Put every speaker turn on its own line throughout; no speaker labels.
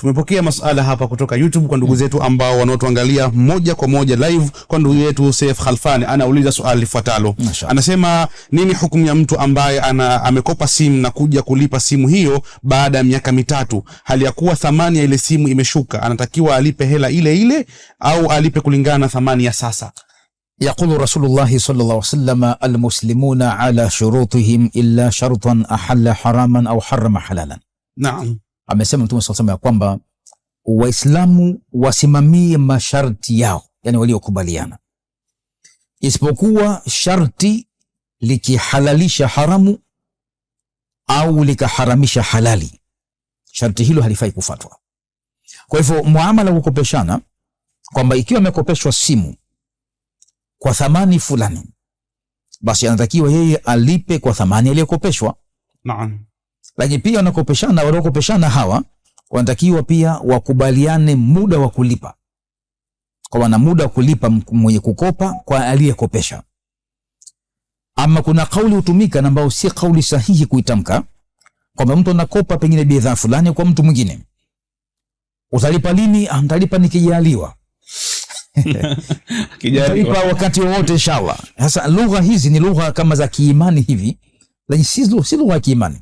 Tumepokea masala hapa kutoka YouTube kwa ndugu mm. zetu ambao wanaotuangalia moja kwa moja live. Kwa ndugu yetu Saif Khalfani anauliza swali lifuatalo, anasema nini hukumu ya mtu ambaye ana, amekopa simu na kuja kulipa simu hiyo baada ya miaka mitatu, hali ya kuwa thamani ya ile simu imeshuka? Anatakiwa alipe hela ile ile au alipe kulingana na thamani ya sasa?
Yaqulu Rasulullahi sallallahu alaihi wasallam, almuslimuna ala shurutihim illa shartan ahalla haraman au harrama halalan. Naam amesema Mtume swalla alayhi ya kwamba Waislamu wasimamie masharti yao, yani waliokubaliana, isipokuwa sharti likihalalisha haramu au likaharamisha halali, sharti hilo halifai kufatwa. Kwa hivyo muamala wa kukopeshana kwamba ikiwa amekopeshwa simu kwa thamani fulani, basi anatakiwa yeye alipe kwa thamani aliyokopeshwa. Naam. Lakini pia wanakopeshana, wanaokopeshana hawa wanatakiwa pia wakubaliane muda wa kulipa, kwa wana muda wa kulipa mwenye kukopa kwa aliyekopesha. Ama kuna kauli hutumika na ambao si kauli sahihi kuitamka, kwamba mtu anakopa pengine bidhaa fulani kwa mtu mwingine, utalipa lini? Ah, mtalipa nikijaliwa mtalipa wakati wowote inshallah. Sasa lugha hizi ni lugha kama za kiimani hivi, lakini si lugha ya kiimani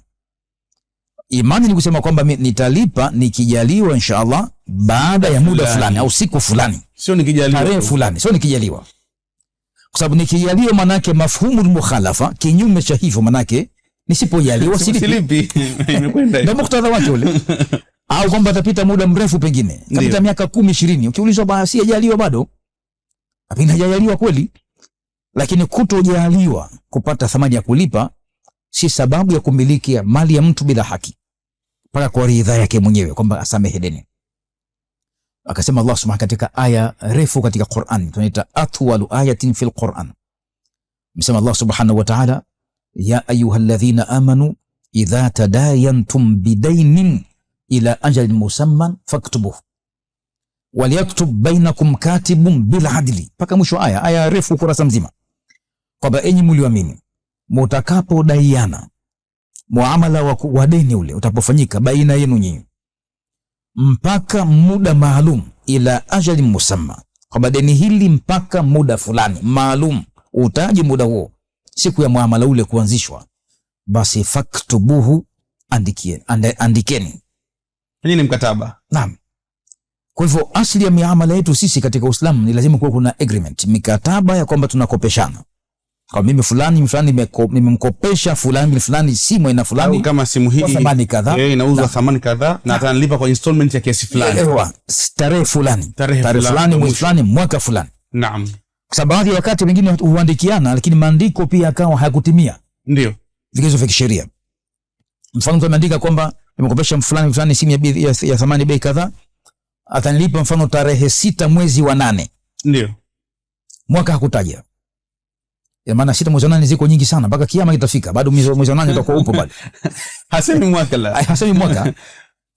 imani ni kusema kwamba nitalipa nikijaliwa inshallah baada ya muda fulani au siku fulani,
sio nikijaliwa
tarehe fulani, sio nikijaliwa, kwa sababu nikijaliwa manake mafhumu mukhalafa, kinyume cha hivyo manake nisipojaliwa
silipi,
imekwenda ndio muktadha wake ule au kwamba atapita muda mrefu, pengine kapita miaka kumi ishirini, ukiulizwa basi sijaliwa bado, lakini hajajaliwa kweli, lakini kutojaliwa kupata thamani ya kulipa si sababu ya kumiliki mali ya mtu bila haki mpaka kwa ridhaa yake mwenyewe kwamba asamehe deni. Akasema Allah subhanahu katika aya refu katika Qur'an, tunaita atwalu ayatin fil Qur'an. Msema Allah subhanahu wa ta'ala, ya ayuha ayyuhalladhina amanu idha tadayantum bidainin ila ajalin musamman faktubuhu waliyaktub bainakum katibun bil adli, mpaka mwisho aya. Aya refu kurasa mzima, kwamba enyi mlioamini mutakapodaiana, muamala wa, wa deni ule utapofanyika baina yenu nyinyi, mpaka muda maalum, ila ajali musamma, kwamba deni hili mpaka muda fulani maalum utaji muda huo, siku ya muamala ule kuanzishwa, basi faktubuhu, ande, andikeni.
Hili ni mkataba.
Naam. Kwa hivyo asili ya miamala yetu sisi katika Uislamu ni lazima kuwa kuna agreement, mikataba ya kwamba tunakopeshana kwa mimi fulani fulani nimemkopesha fulani fulani simu ina fulani
kama simu hii
thamani kadhaa
yeye eh, inauzwa thamani kadhaa na atanilipa kwa installment ya kiasi fulani
tarehe fulani tarehe fulani mwezi fulani mwaka fulani naam kwa sababu wakati wengine huandikiana lakini maandiko pia akawa hayakutimia ndio vigezo vya kisheria mfano mtu ameandika kwamba nimekopesha fulani fulani simu ya, ya, ya thamani bei kadhaa atanilipa mfano tarehe sita mwezi wa nane ndio mwaka hakutaja ya maana sita mwezi wa nane ziko nyingi sana mpaka kiama kitafika. Bado mwezi wa nane utakuwa upo bado.
Hasemi mwaka la.
Hasemi mwaka.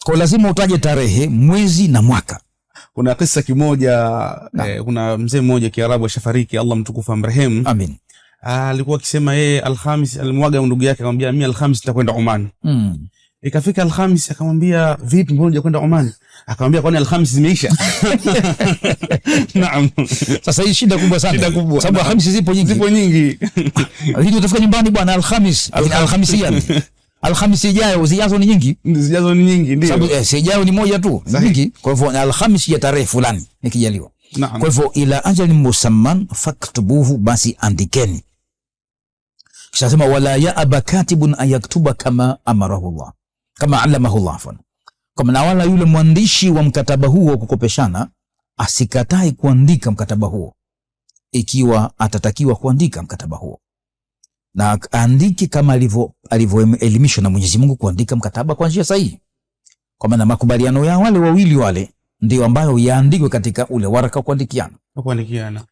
Kwa lazima utaje tarehe, mwezi na mwaka.
Kuna kisa kimoja eh, kuna mzee mmoja Kiarabu ashafariki, Allah mtukufu amrehemu. Amin. Ah, alikuwa akisema yeye Alhamis alimwaga ndugu yake akamwambia mimi Alhamis nitakwenda Oman. Mm. Ikafika Alhamis akamwambia vipi mbona hujakwenda Oman? akamwambia kwani alhamisi zimeisha?
Naam. Sasa hii shida kubwa sana, shida kubwa sababu alhamisi zipo nyingi,
zipo nyingi
lakini utafika nyumbani bwana, alhamisi alhamisi yani Alhamisi ijayo zijazo ni nyingi,
zijazo ni nyingi,
ndio sababu eh, sijayo ni moja tu nyingi. Kwa hivyo Alhamisi ya tarehe fulani nikijaliwa. Naam. Kwa hivyo ila ajali musamman faktubuhu, basi andikeni. Kisha sema wala ya abakatibun ayaktuba kama amarahu Allah, kama allamahu Allah afwan maana wala yule mwandishi wa mkataba huo wa kukopeshana asikatai kuandika mkataba huo ikiwa atatakiwa kuandika mkataba huo, na aandike kama alivyoelimishwa na Mwenyezi Mungu kuandika mkataba kwa njia sahihi, kwa maana makubaliano ya wale wawili wale ndio ambayo yaandikwe katika ule waraka kuandikiana
kuandikiana